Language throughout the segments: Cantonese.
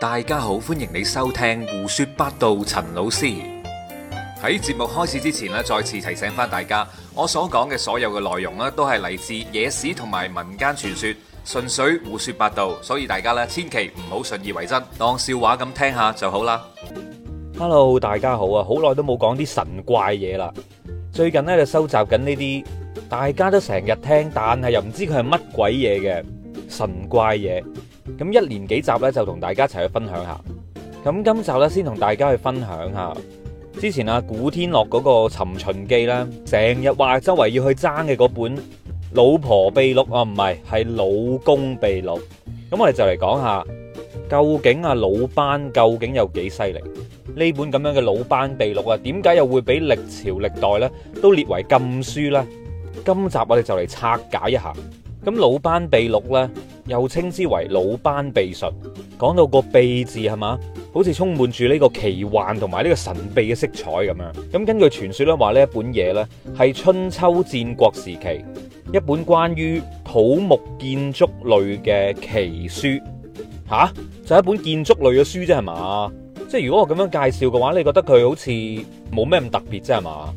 大家好，歡迎你收聽胡說八道。陳老師喺節目開始之前呢，再次提醒翻大家，我所講嘅所有嘅內容呢，都係嚟自野史同埋民間傳說，純粹胡說八道，所以大家呢，千祈唔好信以為真，當笑話咁聽下就好啦。Hello，大家好啊，好耐都冇講啲神怪嘢啦。最近呢，就收集緊呢啲大家都成日聽，但係又唔知佢係乜鬼嘢嘅神怪嘢。咁一連幾集咧，就同大家一齊去分享下。咁今集咧，先同大家去分享下之前阿古天樂嗰個尋秦記咧，成日話周圍要去爭嘅嗰本《老婆秘錄》啊，唔係係《老公秘錄》。咁我哋就嚟講下，究竟阿魯班究竟有幾犀利？呢本咁樣嘅《魯班秘錄》啊，點解又會俾歷朝歷代咧都列為禁書咧？今集我哋就嚟拆解一下。咁《魯班秘錄》咧。又稱之為魯班秘術，講到個秘字係嘛，好似充滿住呢個奇幻同埋呢個神秘嘅色彩咁樣。咁、嗯、根據傳說咧，話呢一本嘢呢係春秋戰國時期一本關於土木建築類嘅奇書。吓、啊？就係、一本建築類嘅書啫係嘛？即係如果我咁樣介紹嘅話，你覺得佢好似冇咩咁特別啫係嘛？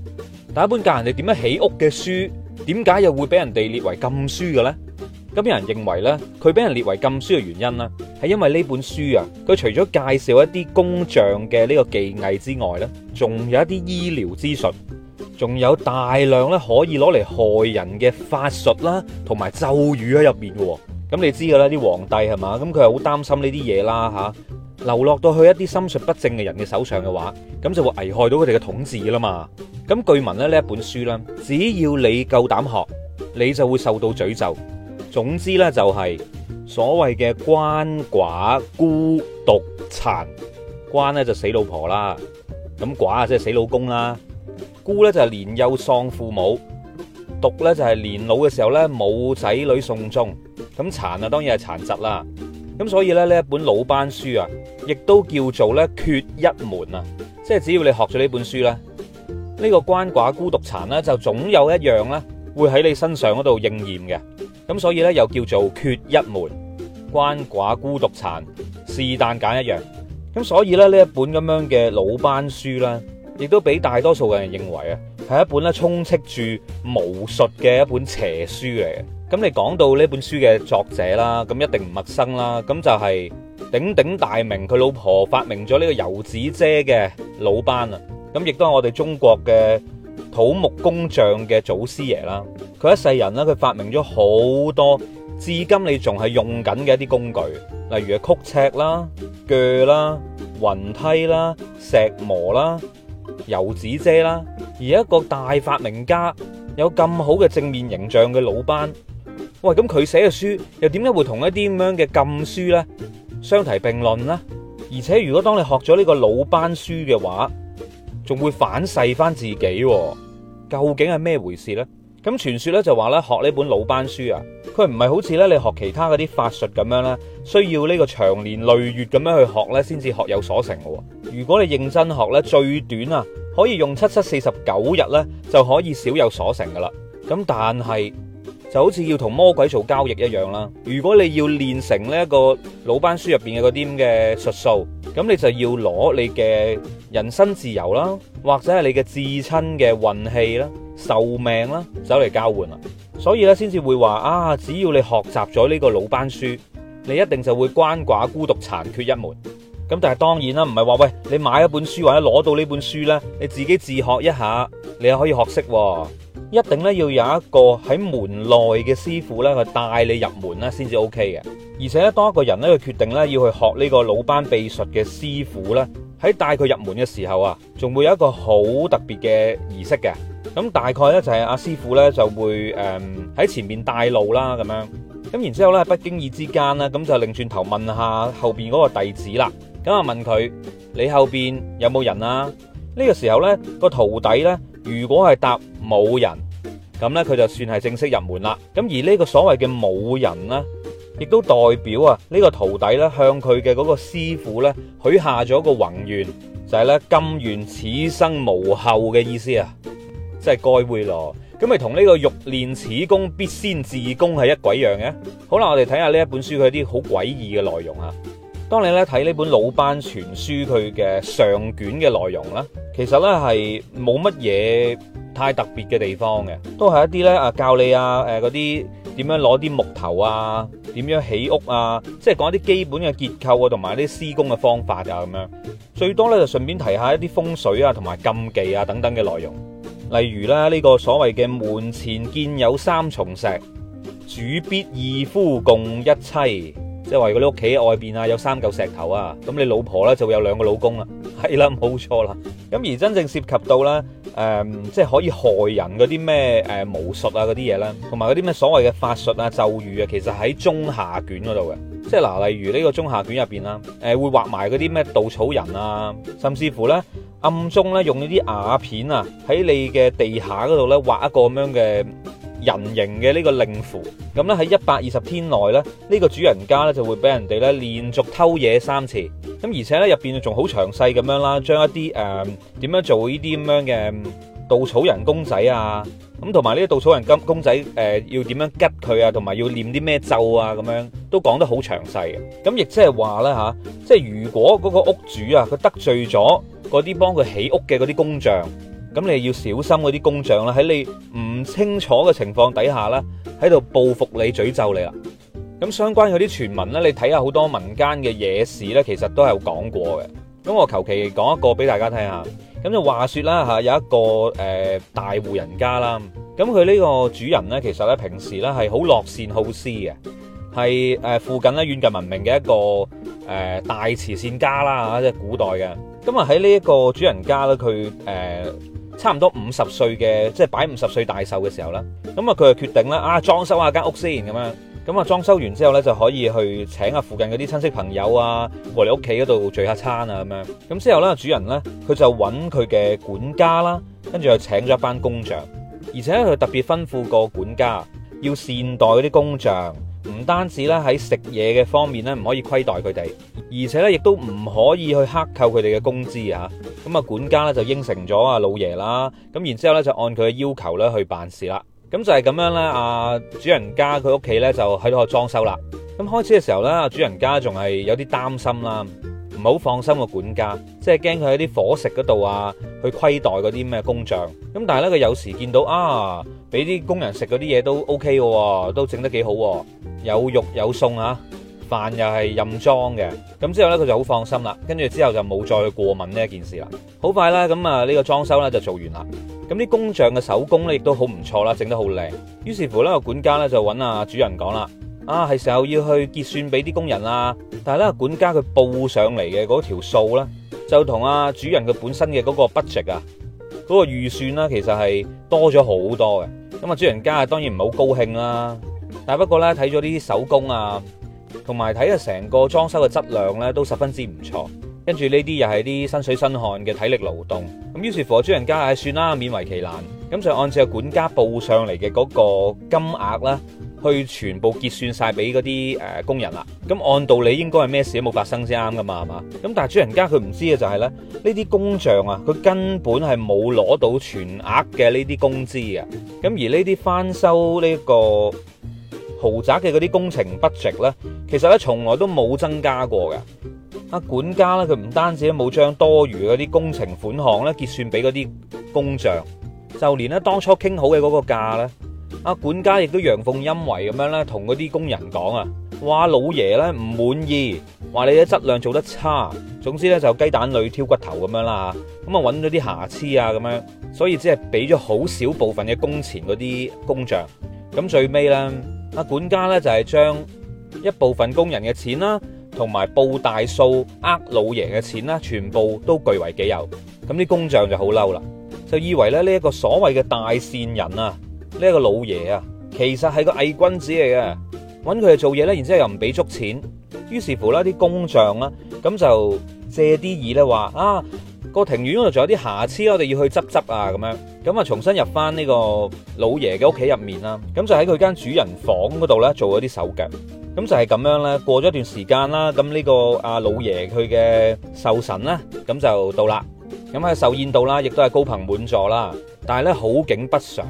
但一本教人哋點樣起屋嘅書，點解又會俾人哋列為禁書嘅咧？咁有人認為呢，佢俾人列為禁書嘅原因咧，係因為呢本書啊，佢除咗介紹一啲工匠嘅呢個技藝之外呢，仲有一啲醫療資訊，仲有大量呢可以攞嚟害人嘅法術啦，同埋咒語喺入面嘅。咁你知噶啦，啲皇帝係嘛，咁佢係好擔心呢啲嘢啦嚇，流落到去一啲心術不正嘅人嘅手上嘅話，咁就會危害到佢哋嘅統治啦嘛。咁據聞咧呢一本書咧，只要你夠膽學，你就會受到詛咒。總之咧就係所謂嘅鰥寡孤獨殘，鰥咧就死老婆啦，咁寡啊即係死老公啦，孤咧就係年幼喪父母，獨咧就係年老嘅時候咧冇仔女送終，咁殘啊當然係殘疾啦，咁所以咧呢一本魯班書啊，亦都叫做咧缺一門啊，即係只要你學咗呢本書咧，呢個鰥寡孤獨殘咧就總有一樣咧會喺你身上嗰度應驗嘅。咁所以咧又叫做缺一門，關寡孤獨殘，是但揀一樣。咁所以咧呢一本咁樣嘅魯班書啦，亦都俾大多數嘅人認為啊，係一本咧充斥住巫術嘅一本邪書嚟嘅。咁、嗯、你講到呢本書嘅作者啦，咁一定唔陌生啦。咁就係鼎鼎大名，佢老婆發明咗呢個油紙遮嘅魯班啊。咁、嗯、亦都係我哋中國嘅。土木工匠嘅祖師爺啦，佢一世人啦，佢發明咗好多，至今你仲係用緊嘅一啲工具，例如係曲尺啦、鋸啦、雲梯啦、石磨啦、油紙遮啦，而一個大發明家，有咁好嘅正面形象嘅魯班，喂，咁佢寫嘅書又點解會同一啲咁樣嘅禁書咧，相提並論咧？而且如果當你學咗呢個魯班書嘅話，仲會反噬翻自己，哦，究竟係咩回事呢？咁傳說咧就話咧學呢本魯班書啊，佢唔係好似咧你學其他嗰啲法術咁樣咧，需要呢個長年累月咁樣去學咧先至學有所成嘅。如果你認真學咧，最短啊可以用七七四十九日咧就可以少有所成噶啦。咁但係就好似要同魔鬼做交易一樣啦。如果你要練成呢一個魯班書入邊嘅嗰啲咁嘅術數，咁你就要攞你嘅。人身自由啦，或者係你嘅至親嘅運氣啦、壽命啦，走嚟交換啦，所以咧先至會話啊，只要你學習咗呢個魯班書，你一定就會關寡孤獨殘缺一門。咁但係當然啦，唔係話喂，你買一本書或者攞到呢本書呢，你自己自學一下，你也可以學識。一定呢，要有一個喺門內嘅師傅呢去帶你入門啦，先至 OK 嘅。而且咧，當一個人呢，佢決定呢要去學呢個魯班秘術嘅師傅呢。」喺帶佢入門嘅時候啊，仲會有一個好特別嘅儀式嘅。咁大概呢，就係阿師傅呢就會誒喺、呃、前面帶路啦，咁樣。咁然之後呢不經意之間呢，咁就擰轉頭問下後邊嗰個弟子啦。咁啊問佢你後邊有冇人啊？呢、這個時候呢，個徒弟呢，如果係答冇人，咁呢，佢就算係正式入門啦。咁而呢個所謂嘅冇人呢。亦都代表啊呢個徒弟咧，向佢嘅嗰個師傅咧，許下咗一個宏願，就係咧，甘願此生無後嘅意思啊，即係蓋會羅咁咪同呢個欲練此功必先自功係一鬼樣嘅。好啦，我哋睇下呢一本書佢啲好詭異嘅內容啊。當你咧睇呢本《魯班全書》佢嘅上卷嘅內容啦，其實咧係冇乜嘢太特別嘅地方嘅，都係一啲咧啊教你啊誒嗰啲點樣攞啲木頭啊。點樣起屋啊？即係講一啲基本嘅結構啊，同埋啲施工嘅方法啊，咁樣最多呢，就順便提一下一啲風水啊，同埋禁忌啊等等嘅內容。例如啦，呢個所謂嘅門前見有三重石，主必二夫共一妻，即係話如果你屋企外邊啊有三嚿石頭啊，咁你老婆呢，就會有兩個老公啦。係啦，冇錯啦。咁而真正涉及到咧，誒、呃，即係可以害人嗰啲咩誒巫術啊嗰啲嘢啦，同埋嗰啲咩所謂嘅法術啊咒語啊，其實喺中下卷嗰度嘅。即係嗱、呃，例如呢個中下卷入邊啦，誒、呃，會畫埋嗰啲咩稻草人啊，甚至乎咧暗中咧用呢啲瓦片啊喺你嘅地下嗰度咧畫一個咁樣嘅。人形嘅呢個令符，咁咧喺一百二十天內咧，呢個主人家咧就會俾人哋咧連續偷嘢三次，咁而且咧入邊仲好詳細咁樣啦，將一啲誒點樣做呢啲咁樣嘅稻草人公仔啊，咁同埋呢啲稻草人公公仔誒、呃、要點樣吉佢啊，同埋要念啲咩咒啊，咁樣都講得好詳細嘅，咁亦即係話咧吓，即係如果嗰個屋主啊，佢得罪咗嗰啲幫佢起屋嘅嗰啲工匠。咁你要小心嗰啲工匠啦，喺你唔清楚嘅情況底下咧，喺度報復你、詛咒你啦。咁相關有啲傳聞咧，你睇下好多民間嘅野史咧，其實都有講過嘅。咁我求其講一個俾大家聽下。咁就話說啦嚇，有一個誒、呃、大戶人家啦，咁佢呢個主人咧，其實咧平時咧係好樂善好施嘅，係誒附近咧遠近聞名嘅一個誒、呃、大慈善家啦嚇，即係古代嘅。咁啊喺呢一個主人家咧，佢誒。呃差唔多五十歲嘅，即係擺五十歲大壽嘅時候啦。咁啊，佢就決定啦，啊裝修下間屋先咁樣。咁啊，裝修完之後呢，就可以去請下附近嗰啲親戚朋友啊，過嚟屋企嗰度聚下餐啊咁樣。咁之後呢，主人呢，佢就揾佢嘅管家啦，跟住又請咗一班工匠，而且佢特別吩咐個管家要善待嗰啲工匠。唔單止咧，喺食嘢嘅方面咧，唔可以虧待佢哋，而且咧亦都唔可以去克扣佢哋嘅工資啊！咁啊，管家咧就應承咗阿老爺啦，咁然之後咧就按佢嘅要求咧去辦事啦。咁就係咁樣咧，啊主人家佢屋企咧就喺度裝修啦。咁開始嘅時候咧，主人家仲係有啲擔心啦，唔好放心個管家，即係驚佢喺啲伙食嗰度啊，去虧待嗰啲咩工匠。咁但係咧佢有時見到啊。俾啲工人食嗰啲嘢都 OK 嘅，都整得幾好，有肉有餸啊，飯又係任裝嘅。咁之後呢，佢就好放心啦。跟住之後就冇再過問呢一件事啦。好快啦，咁啊呢個裝修呢就做完啦。咁啲工匠嘅手工呢亦都好唔錯啦，整得好靚。於是乎呢個管家呢就揾阿主人講啦，啊，係時候要去結算俾啲工人啦。但係呢，管家佢報上嚟嘅嗰條數呢，就同阿主人佢本身嘅嗰個 budget 啊，嗰個預算呢其實係多咗好多嘅。咁啊，主人家啊，當然唔係好高興啦，但不過呢，睇咗啲手工啊，同埋睇下成個裝修嘅質量呢，都十分之唔錯。跟住呢啲又係啲身水身汗嘅體力勞動，咁於是乎主人家，唉，算啦，勉為其難，咁就按照管家報上嚟嘅嗰個金額啦。去全部結算晒俾嗰啲誒工人啦，咁按道理應該係咩事都冇發生先啱㗎嘛，係嘛？咁但係主人家佢唔知嘅就係、是、咧，呢啲工匠啊，佢根本係冇攞到全額嘅呢啲工資嘅。咁而呢啲翻修呢個豪宅嘅嗰啲工程筆值咧，其實咧從來都冇增加過嘅。啊管家咧，佢唔單止冇將多餘嗰啲工程款項咧結算俾嗰啲工匠，就連咧當初傾好嘅嗰個價咧。阿管家亦都陽奉陰違咁樣咧，同嗰啲工人講啊，話老爺咧唔滿意，話你啲質量做得差，總之咧就雞蛋裏挑骨頭咁樣啦。咁啊，揾咗啲瑕疵啊咁樣，所以只係俾咗好少部分嘅工錢嗰啲工匠。咁最尾咧，阿管家咧就係將一部分工人嘅錢啦，同埋報大數呃老爺嘅錢啦，全部都據為己有。咁啲工匠就好嬲啦，就以為咧呢一個所謂嘅大善人啊。呢一個老爺啊，其實係個偽君子嚟嘅，揾佢嚟做嘢咧，然之後又唔俾足錢，於是乎啦，啲工匠啦咁就借啲意咧話啊個庭院嗰度仲有啲瑕疵，我哋要去執執啊，咁樣咁啊重新入翻呢個老爺嘅屋企入面啦。咁就喺佢間主人房嗰度咧做咗啲手腳，咁就係咁樣咧。過咗一段時間啦，咁呢個阿老爺佢嘅壽辰啦，咁就到啦。咁喺壽宴度啦，亦都係高朋滿座啦，但係咧好景不常。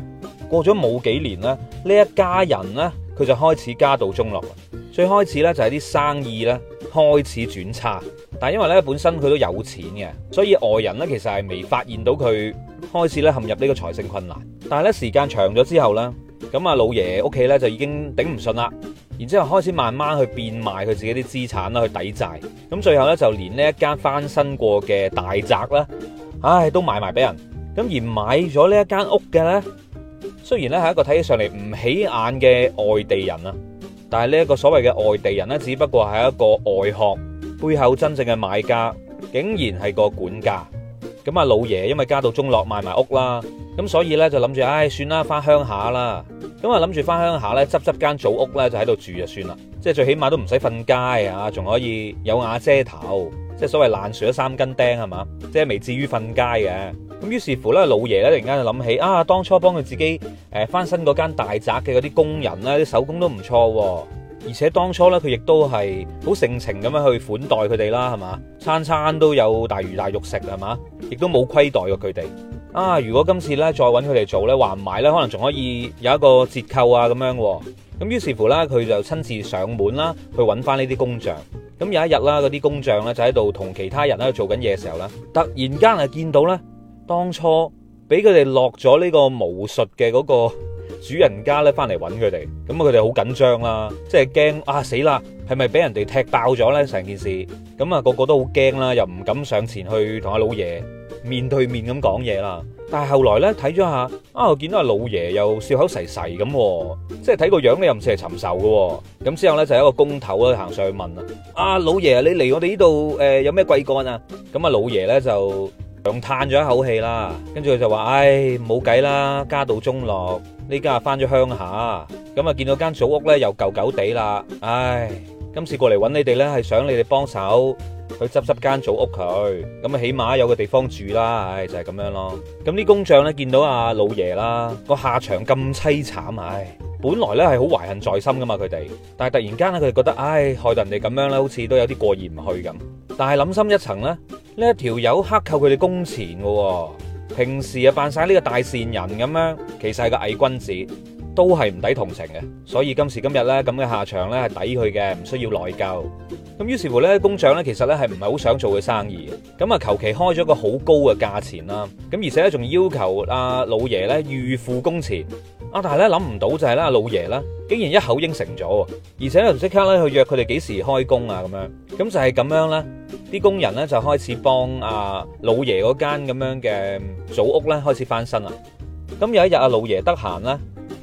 過咗冇幾年咧，呢一家人呢，佢就開始家道中落。最開始呢，就係啲生意呢開始轉差，但係因為呢本身佢都有錢嘅，所以外人呢其實係未發現到佢開始呢陷入呢個財政困難。但係呢時間長咗之後呢，咁啊老爺屋企呢就已經頂唔順啦，然之後開始慢慢去變賣佢自己啲資產啦，去抵債。咁最後呢，就連呢一間翻新過嘅大宅呢，唉都賣埋俾人。咁而買咗呢一間屋嘅呢，雖然咧係一個睇起上嚟，唔起眼嘅外地人啊，但係呢一個所謂嘅外地人呢，只不過係一個外殼，背後真正嘅買家竟然係個管家。咁啊老爺因為家道中落賣埋屋啦，咁所以呢就諗住，唉、哎、算啦，翻鄉下啦。咁啊諗住翻鄉下呢，執執間祖屋呢，就喺度住就算啦，即係最起碼都唔使瞓街啊，仲可以有瓦遮頭，即係所謂爛船咗三根釘係嘛，即係未至於瞓街嘅。咁於是乎咧，老爺咧突然間就諗起啊，當初幫佢自己誒、呃、翻新嗰間大宅嘅嗰啲工人咧，啲手工都唔錯喎、啊。而且當初咧，佢亦都係好盛情咁樣去款待佢哋啦，係嘛？餐餐都有大魚大肉食係嘛，亦都冇虧待過佢哋啊。如果今次咧再揾佢哋做咧，話唔埋咧，可能仲可以有一個折扣啊咁樣啊。咁於是乎咧，佢就親自上門啦，去揾翻呢啲工匠。咁有一日啦，嗰啲工匠咧就喺度同其他人喺度做緊嘢嘅時候咧，突然間啊見到咧。當初俾佢哋落咗呢個巫術嘅嗰個主人家咧，翻嚟揾佢哋，咁啊佢哋好緊張啦，即係驚啊死啦，係咪俾人哋踢爆咗咧成件事？咁啊個個都好驚啦，又唔敢上前去同阿老爺面對面咁講嘢啦。但係後來咧睇咗一下，啊又見到阿老爺又笑口噬噬咁，即係睇個樣咧又唔似係尋仇噶。咁之後咧就有一個工頭咧行上去問啦：，阿老爺你嚟我哋呢度誒有咩貴幹啊？咁啊老爺咧就。長嘆咗一口氣啦，跟住佢就話：，唉、哎，冇計啦，家道中落，呢家啊返咗鄉下，咁啊見到間祖屋呢，又舊舊地啦，唉、哎，今次過嚟揾你哋呢，係想你哋幫手去執執間祖屋佢，咁啊起碼有個地方住啦，唉、哎、就係、是、咁樣咯。咁啲工匠呢，見到阿老爺啦，個下場咁淒慘，唉、哎。本來咧，係好懷恨在心噶嘛，佢哋。但係突然間咧，佢哋覺得，唉，害到人哋咁樣咧，好似都有啲過意唔去咁。但係諗深一層咧，呢一條友克扣佢哋工錢噶喎，平時啊扮晒呢個大善人咁樣，其實係個偽君子，都係唔抵同情嘅。所以今時今日呢，咁嘅下場咧係抵佢嘅，唔需要內疚。咁於是乎呢，工匠呢，其實咧係唔係好想做佢生意，咁啊求其開咗個好高嘅價錢啦，咁而且呢，仲要求阿老爺呢預付工錢。啊！但係咧諗唔到就係咧，老爺啦，竟然一口應承咗，而且咧即刻咧去約佢哋幾時開工啊咁樣。咁就係咁樣咧，啲工人咧就開始幫阿老爺嗰間咁樣嘅祖屋咧開始翻新啦。咁有一日阿老爺得閒咧，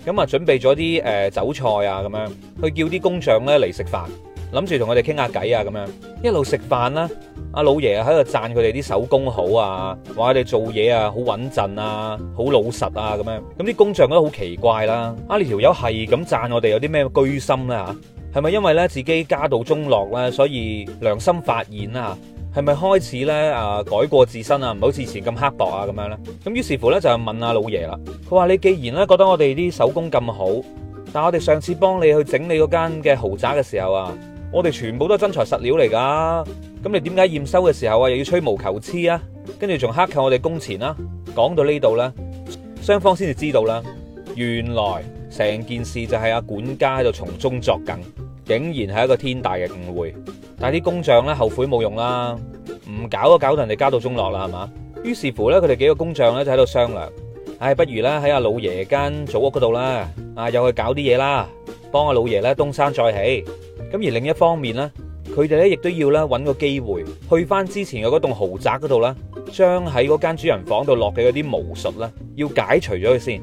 咁啊準備咗啲誒酒菜啊咁樣，去叫啲工匠咧嚟食飯。諗住同佢哋傾下偈啊，咁樣一路食飯啦。阿老爺啊喺度讚佢哋啲手工好啊，話佢哋做嘢啊好穩陣啊，好老實啊咁樣。咁啲工匠覺得好奇怪啦。啊，呢條友係咁讚我哋有啲咩居心咧？吓，係咪因為呢自己家道中落咧，所以良心發現啊？吓，係咪開始呢啊改過自身啊？唔好似以前咁刻薄啊咁樣呢，咁於是乎呢，就係問阿老爺啦。佢話你既然咧覺得我哋啲手工咁好，但我哋上次幫你去整理嗰間嘅豪宅嘅時候啊。我哋全部都係真材實料嚟噶，咁你點解驗收嘅時候啊又要吹毛求疵啊？跟住仲克扣我哋工錢啦！講到呢度啦，雙方先至知道啦，原來成件事就係阿管家喺度從中作梗，竟然係一個天大嘅誤會。但係啲工匠咧後悔冇用啦，唔搞啊搞到人哋家道中落啦，係嘛？於是乎咧，佢哋幾個工匠咧就喺度商量，唉，不如咧喺阿老爺間祖屋嗰度啦，啊又去搞啲嘢啦，幫阿老爺咧東山再起。咁而另一方面呢，佢哋呢亦都要揾個機會去翻之前嘅嗰棟豪宅嗰度呢，將喺嗰間主人房度落嘅嗰啲巫術呢，要解除咗佢先，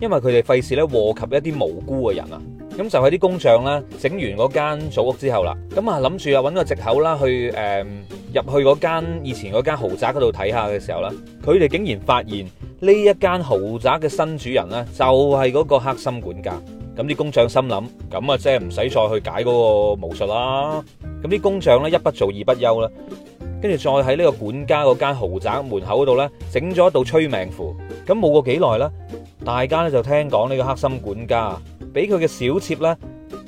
因為佢哋費事呢禍及一啲無辜嘅人啊。咁就喺啲工匠呢整完嗰間祖屋之後啦，咁啊諗住啊揾個借口啦去誒入、呃、去嗰間以前嗰間豪宅嗰度睇下嘅時候呢，佢哋竟然發現呢一間豪宅嘅新主人呢，就係、是、嗰個黑心管家。咁啲工匠心諗，咁啊即係唔使再去解嗰個巫術啦。咁啲工匠咧一不做二不休啦，跟住再喺呢個管家個間豪宅門口嗰度咧，整咗一道催命符。咁冇過幾耐咧，大家咧就聽講呢個黑心管家俾佢嘅小妾咧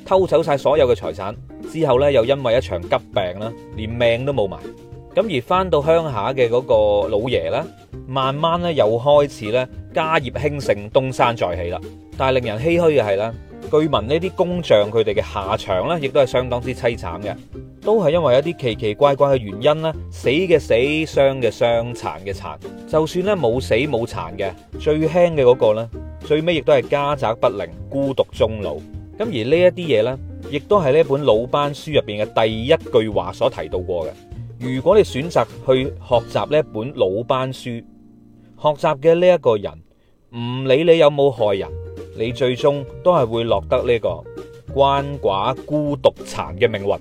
偷走晒所有嘅財產，之後咧又因為一場急病啦，連命都冇埋。咁而翻到鄉下嘅嗰個老爺呢，慢慢呢又開始呢家業興盛，東山再起啦。但係令人唏噓嘅係咧，據聞呢啲工匠佢哋嘅下場呢亦都係相當之凄慘嘅，都係因為一啲奇奇怪怪嘅原因呢，死嘅死，傷嘅傷，殘嘅殘。就算呢冇死冇殘嘅，最輕嘅嗰個咧，最尾亦都係家宅不寧，孤獨終老。咁而呢一啲嘢呢，亦都係呢本魯班書入邊嘅第一句話所提到過嘅。如果你選擇去學習呢一本魯班書，學習嘅呢一個人，唔理你有冇害人，你最終都係會落得呢個鰥寡孤獨殘嘅命運。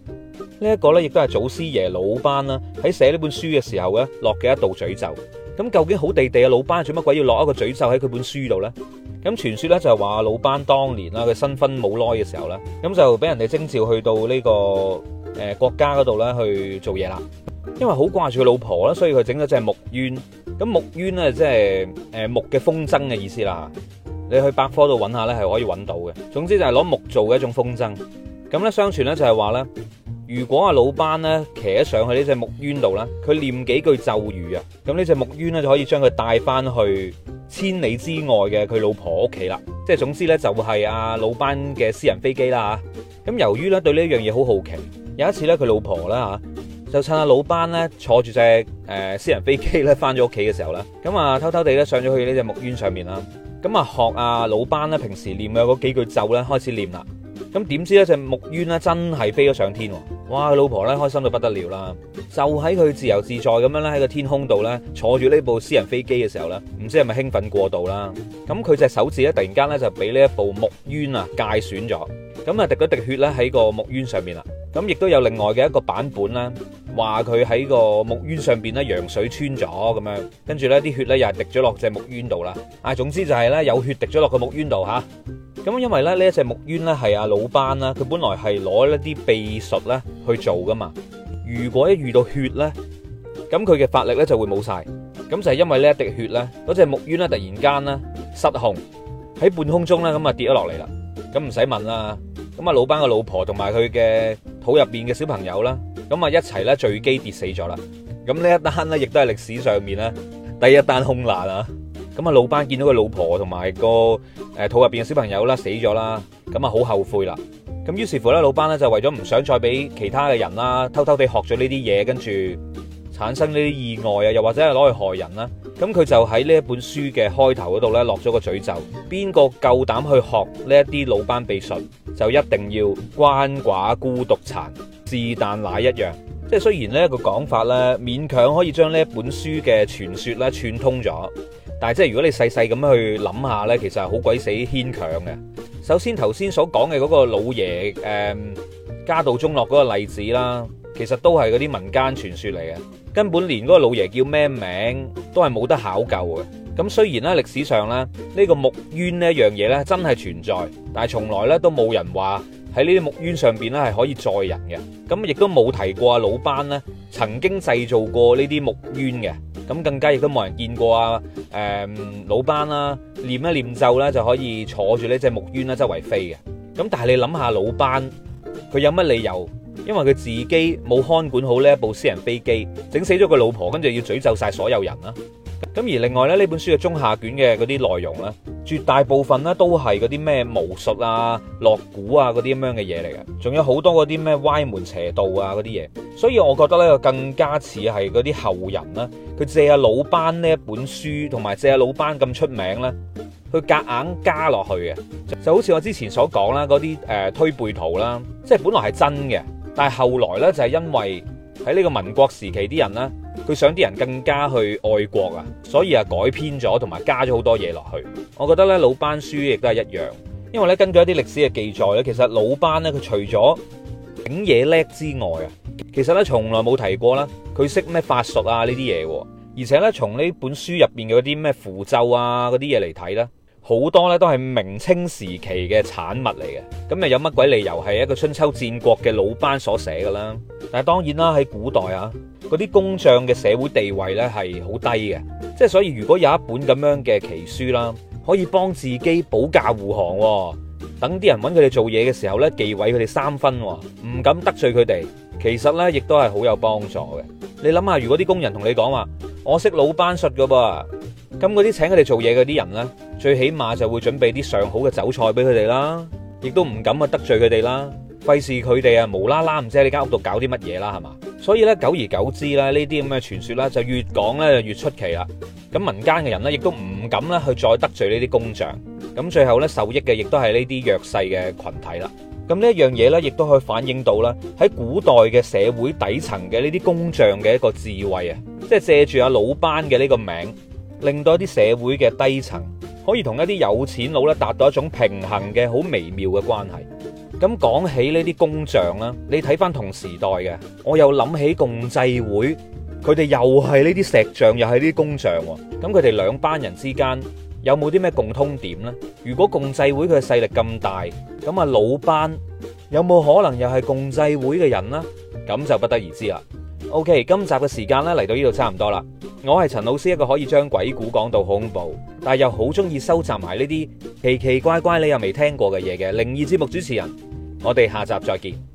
呢一個咧，亦都係祖師爺魯班啦，喺寫呢本書嘅時候咧，落嘅一道詛咒。咁究竟好地地啊，魯班做乜鬼要落一個詛咒喺佢本書度咧？咁傳說咧就係話魯班當年啦，佢新婚冇耐嘅時候咧，咁就俾人哋徵召去到呢個誒國家嗰度咧去做嘢啦。因為好掛住佢老婆啦，所以佢整咗隻木鳶。咁木鳶咧，即係誒木嘅風箏嘅意思啦。你去百科度揾下咧，係可以揾到嘅。總之就係攞木做嘅一種風箏。咁咧相傳咧就係話咧，如果阿魯班咧騎咗上去呢隻木鳶度咧，佢念幾句咒語啊，咁呢隻木鳶咧就可以將佢帶翻去千里之外嘅佢老婆屋企啦。即係總之咧就係阿魯班嘅私人飛機啦。咁由於咧對呢一樣嘢好好奇，有一次咧佢老婆啦吓。就趁阿老班咧坐住隻誒私人飛機咧返咗屋企嘅時候咧，咁啊偷偷地咧上咗去呢隻木鳶上面啦，咁啊學阿老班咧平時念嘅嗰幾句咒咧開始念啦，咁點知咧隻木鳶咧真係飛咗上天喎！嘩，佢老婆咧開心到不得了啦，就喺佢自由自在咁樣咧喺個天空度咧坐住呢部私人飛機嘅時候咧，唔知係咪興奮過度啦？咁佢隻手指咧突然間咧就俾呢一部木鳶啊界損咗，咁啊滴咗滴血咧喺個木鳶上面啦，咁亦都有另外嘅一個版本啦。話佢喺個木鳶上邊咧，羊水穿咗咁樣，跟住咧啲血咧又係滴咗落隻木鳶度啦。啊，總之就係咧有血滴咗落個木鳶度吓。咁因為咧呢一隻木鳶咧係阿魯班啦，佢本來係攞一啲秘術咧去做噶嘛。如果一遇到血咧，咁佢嘅法力咧就會冇晒。咁就係、是、因為呢一滴血咧，嗰隻木鳶咧突然間咧失控喺半空中咧，咁啊跌咗落嚟啦。咁唔使問啦。咁啊魯班嘅老婆同埋佢嘅肚入邊嘅小朋友啦。咁啊，一齊咧墜機跌死咗啦！咁呢一單咧，亦都係歷史上面咧第一單空難啊！咁啊，魯班見到佢老婆同埋個誒肚入邊嘅小朋友啦死咗啦，咁啊好後悔啦！咁於是乎咧，魯班咧就為咗唔想再俾其他嘅人啦偷偷地學咗呢啲嘢，跟住產生呢啲意外啊，又或者係攞去害人啦，咁佢就喺呢一本書嘅開頭嗰度咧落咗個詛咒：邊個夠膽去學呢一啲魯班秘術，就一定要鰥寡孤獨殘！是但哪一樣？即係雖然咧個講法呢，勉強可以將呢一本書嘅傳說咧串通咗，但係即係如果你細細咁去諗下呢，其實係好鬼死牽強嘅。首先頭先所講嘅嗰個老爺誒、嗯、家道中落嗰個例子啦，其實都係嗰啲民間傳說嚟嘅，根本連嗰個老爺叫咩名都係冇得考究嘅。咁雖然咧歷史上呢，呢、呢個木鳶呢一樣嘢呢，真係存在，但係從來呢都冇人話。喺呢啲木鳶上邊咧係可以載人嘅，咁亦都冇提過啊，魯班咧曾經製造過呢啲木鳶嘅，咁更加亦都冇人見過、呃、魯班啊！誒魯班啦，唸一唸咒咧就可以坐住呢隻木鳶咧周圍飛嘅，咁但係你諗下魯班，佢有乜理由？因為佢自己冇看管好呢一部私人飛機，整死咗個老婆，跟住要詛咒晒所有人啦。咁而另外咧，呢本書嘅中下卷嘅嗰啲內容呢，絕大部分呢都係嗰啲咩巫術啊、落鼓啊嗰啲咁樣嘅嘢嚟嘅，仲有好多嗰啲咩歪門邪道啊嗰啲嘢，所以我覺得咧更加似係嗰啲後人啦，佢借下魯班呢一本書同埋借下魯班咁出名咧，佢夾硬加落去嘅，就好似我之前所講啦，嗰啲誒推背圖啦，即係本來係真嘅，但係後來呢，就係因為，喺呢個民國時期啲人呢，佢想啲人更加去愛國啊，所以啊改編咗同埋加咗好多嘢落去。我覺得呢魯班書亦都係一樣，因為呢，根據一啲歷史嘅記載呢，其實魯班呢，佢除咗整嘢叻之外啊，其實呢從來冇提過啦、啊，佢識咩法術啊呢啲嘢，而且呢，從呢本書入邊嗰啲咩符咒啊嗰啲嘢嚟睇呢。好多咧，都係明清時期嘅產物嚟嘅，咁咪有乜鬼理由係一個春秋戰國嘅魯班所寫噶啦？但係當然啦，喺古代啊，嗰啲工匠嘅社會地位咧係好低嘅，即係所以如果有一本咁樣嘅奇書啦，可以幫自己保駕護航，哦，等啲人揾佢哋做嘢嘅時候呢忌諱佢哋三分，哦，唔敢得罪佢哋，其實呢，亦都係好有幫助嘅。你諗下，如果啲工人同你講話，我識魯班術噶噃。咁嗰啲請佢哋做嘢嗰啲人呢，最起碼就會準備啲上好嘅酒菜俾佢哋啦，亦都唔敢去得罪佢哋啦，費事佢哋啊無啦啦唔知喺你間屋度搞啲乜嘢啦係嘛，所以呢，久而久之啦，呢啲咁嘅傳說啦就越講呢就越出奇啦。咁民間嘅人呢，亦都唔敢呢去再得罪呢啲工匠，咁最後呢，受益嘅亦都係呢啲弱勢嘅群體啦。咁呢一樣嘢呢，亦都可以反映到啦，喺古代嘅社會底層嘅呢啲工匠嘅一個智慧啊，即係借住阿魯班嘅呢個名，令到一啲社會嘅低層可以同一啲有錢佬咧達到一種平衡嘅好微妙嘅關係。咁講起呢啲工匠啦，你睇翻同時代嘅，我又諗起共濟會，佢哋又係呢啲石像，又係呢啲工匠喎。咁佢哋兩班人之間有冇啲咩共通點呢？如果共濟會佢嘅勢力咁大，咁啊魯班有冇可能又係共濟會嘅人呢？咁就不得而知啦。OK，今集嘅時間呢嚟到呢度差唔多啦。我係陳老師，一個可以將鬼故講到恐怖，但又好中意收集埋呢啲奇奇怪怪、怪你又未聽過嘅嘢嘅靈異節目主持人，我哋下集再見。